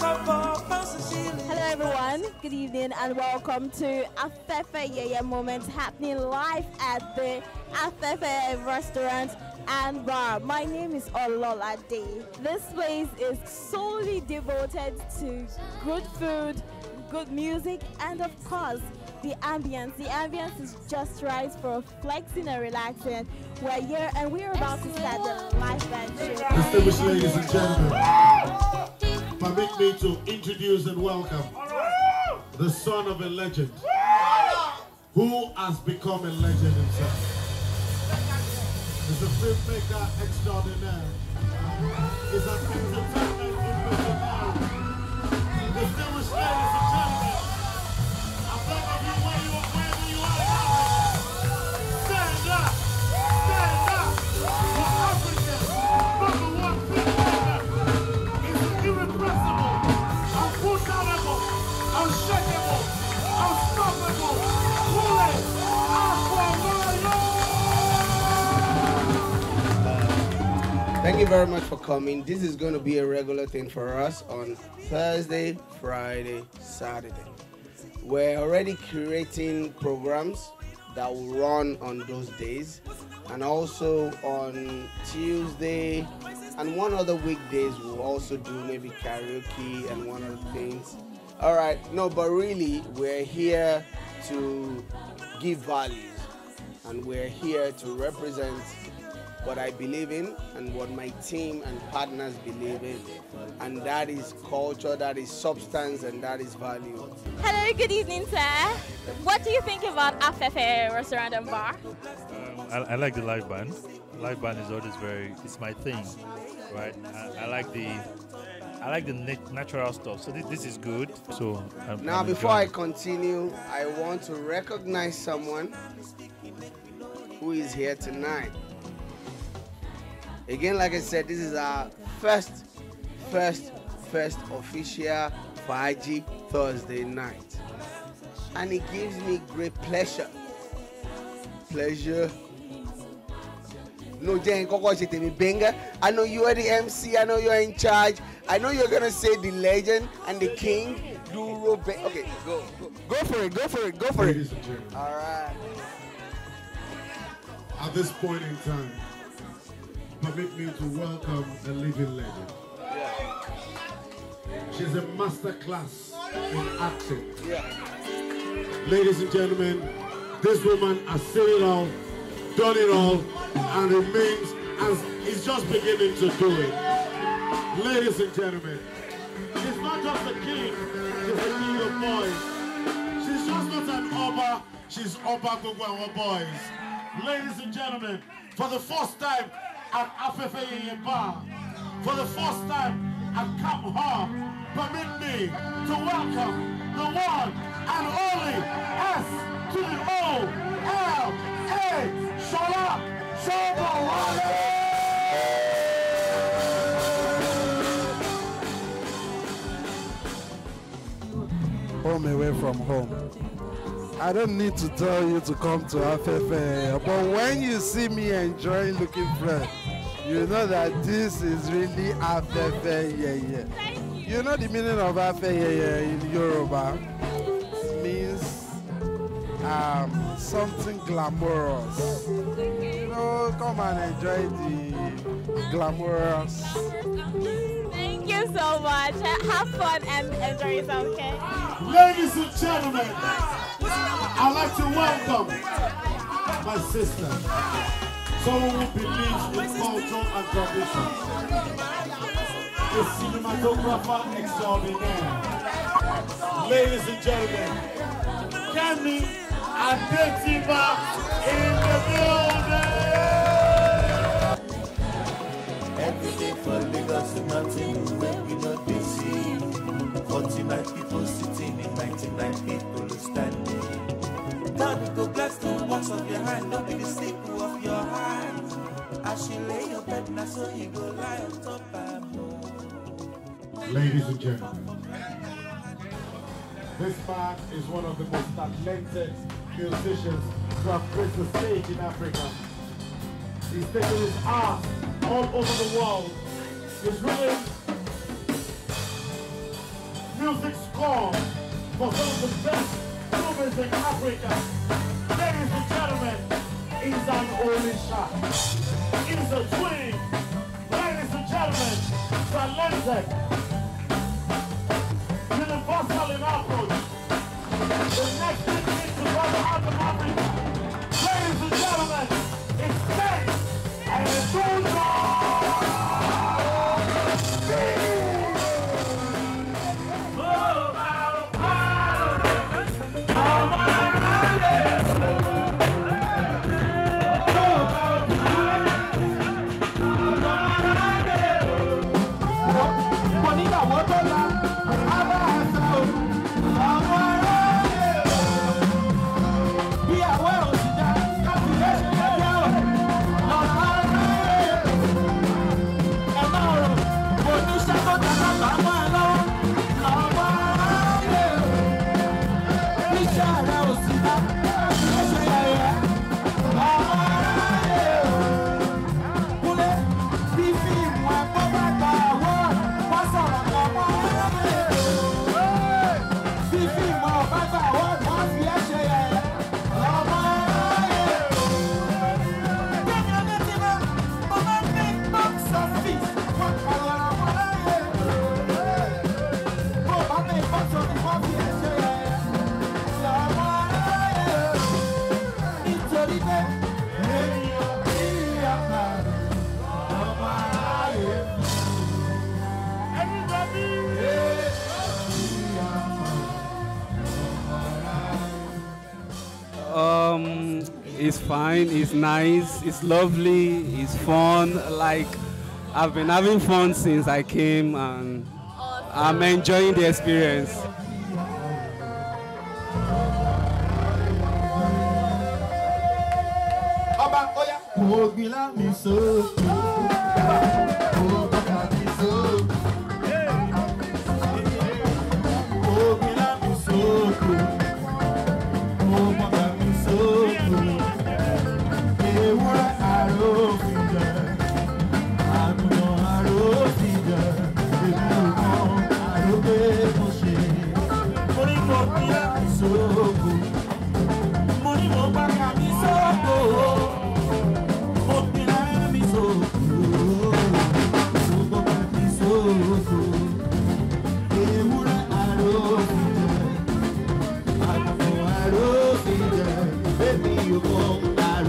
Hello, everyone. Good evening, and welcome to Afefe Yeye Moments happening live at the Afefe Restaurant and Bar. My name is Olola Day. This place is solely devoted to good food, good music, and of course, the ambience. The ambience is just right for flexing and relaxing. We're here and we're about to start the live band show. Distinguished ladies and gentlemen permit me to introduce and welcome the son of a legend who has become a legend himself. He's a filmmaker extraordinaire. He's a entertainment professional. Distinguished ladies and gentlemen. very much for coming. This is going to be a regular thing for us on Thursday, Friday, Saturday. We're already creating programs that will run on those days and also on Tuesday and one other weekdays we'll also do maybe karaoke and one other things. All right, no, but really we're here to give values and we're here to represent what I believe in and what my team and partners believe in. And that is culture, that is substance, and that is value. Hello, good evening, sir. What do you think about Afefe Restaurant and Bar? Um, I, I, like the live band. Live band is always very, it's my thing, right? I, I like the I like the natural stuff. So this, this is good. So I'm, now, I'm before I continue, I want to recognize someone who is here tonight. Again, like I said, this is our first, first, first official Faji Thursday night. And it gives me great pleasure. Pleasure. No, Jane, Benga. I know you are the MC. I know you're in charge. I know you're gonna say the legend and the king. Duro Be- Okay, go, go, go for it. Go for it. Go for it. All right. At this point in time, permit me to welcome the living legend. She's a master class in acting. Ladies and gentlemen, this woman has seen it all, done it all, and remains as is just beginning to do it. Ladies and gentlemen, she's not just a king, she's a king of boys. She's just not an oba, she's oba Gugwawa boys. Ladies and gentlemen, for the first time, at Afefe Bar. For the first time I've come home, permit me to welcome the one and only S to the O L A Shola Shobawale. Home away from home. I don't need to tell you to come to Afefe, but when you see me enjoying looking fresh, you know that this is really Afefe Thank you. you know the meaning of Afefe in Yoruba? It means um, something glamorous. You know, come and enjoy the glamorous. Thank you so much. Have fun and enjoy yourself, okay? Ladies and gentlemen. I'd like to welcome my sister, someone who believes in culture and tradition. The cinematographer extraordinaire. Ladies and gentlemen, Kemi Adetiba in the building! Every day for Lagos to nothing, where we not busy. 49 people sitting and 99 people standing. God go bless the works of your hand, be the of your hand. As lay your bed, now so you go lie on top Ladies and gentlemen, this man is one of the most talented musicians to have graced the stage in Africa. He's taken his art all over the world. He's written music score for some of the best Africa. Ladies and gentlemen, he's an Orisha. He's a twin. Ladies and gentlemen, Salenze. fine, it's nice, it's lovely, it's fun. Like, I've been having fun since I came and awesome. I'm enjoying the experience. Oh.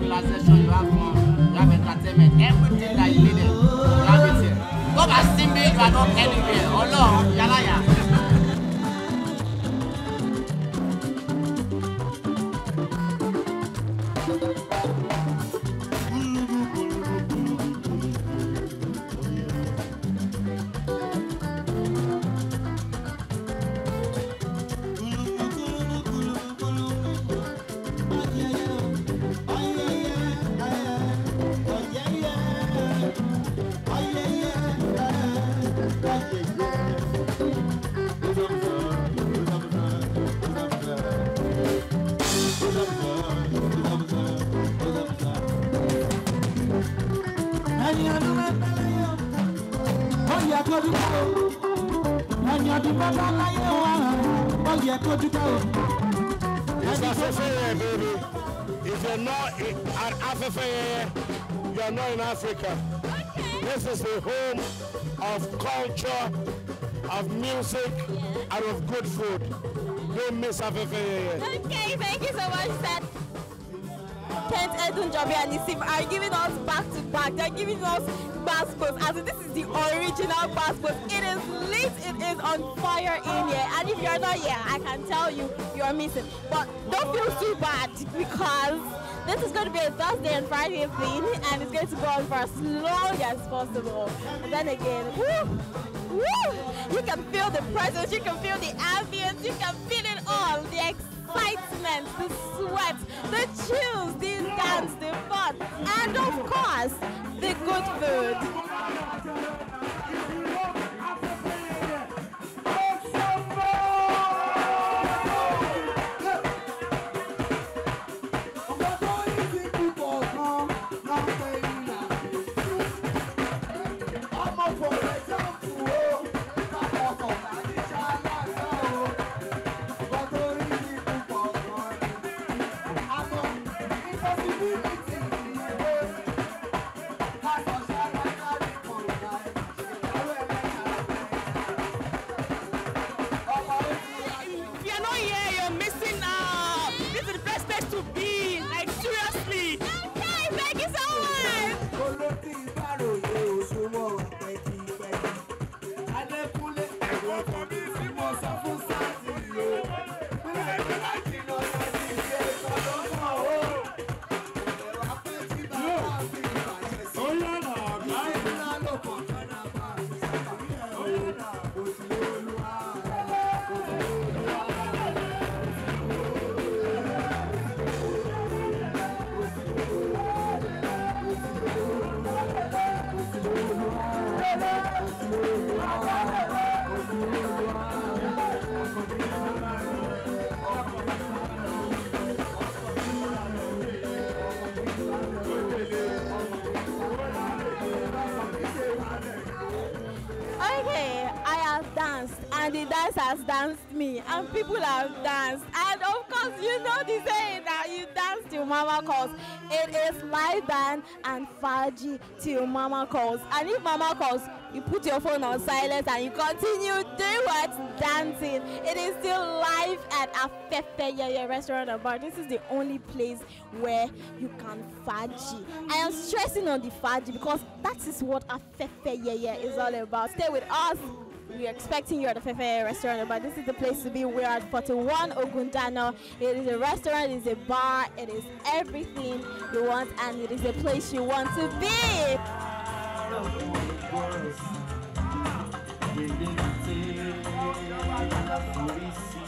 you have fun, you have entertainment. Everything that you needed, you have it here. Go back, me you are not anywhere. Oh Ọlọ́run, yàrá yàrá. if you're not an Africa, yẹyẹ you're not in Africa okay. this is the home of culture of music and of good food don't miss Africa. okay thank you so much sir. Kent Edun and are giving us back to back. They're giving us bascos. As this is the original passport. It is lit. It is on fire in here. And if you're not here, I can tell you you're missing. But don't feel too bad because this is going to be a Thursday and Friday thing and it's going to go on for as long as possible. And then again, woo, woo, you can feel the presence, you can feel the ambience, you can feel it all. The excitement, the sweat, the chills, the of course, the good food. for me. has danced me and people have danced. And of course, you know the saying that you dance till mama calls. It is live band and Faji till mama calls. And if mama calls, you put your phone on silent and you continue doing what? Dancing. It is still live at Afefe Yeye Restaurant and Bar. This is the only place where you can Faji. I am stressing on the Faji because that is what Afefe Yeye is all about. Stay with us. We're expecting you at the Fefe restaurant, but this is the place to be. We're at 41 Ogundano. It is a restaurant, it is a bar, it is everything you want, and it is the place you want to be.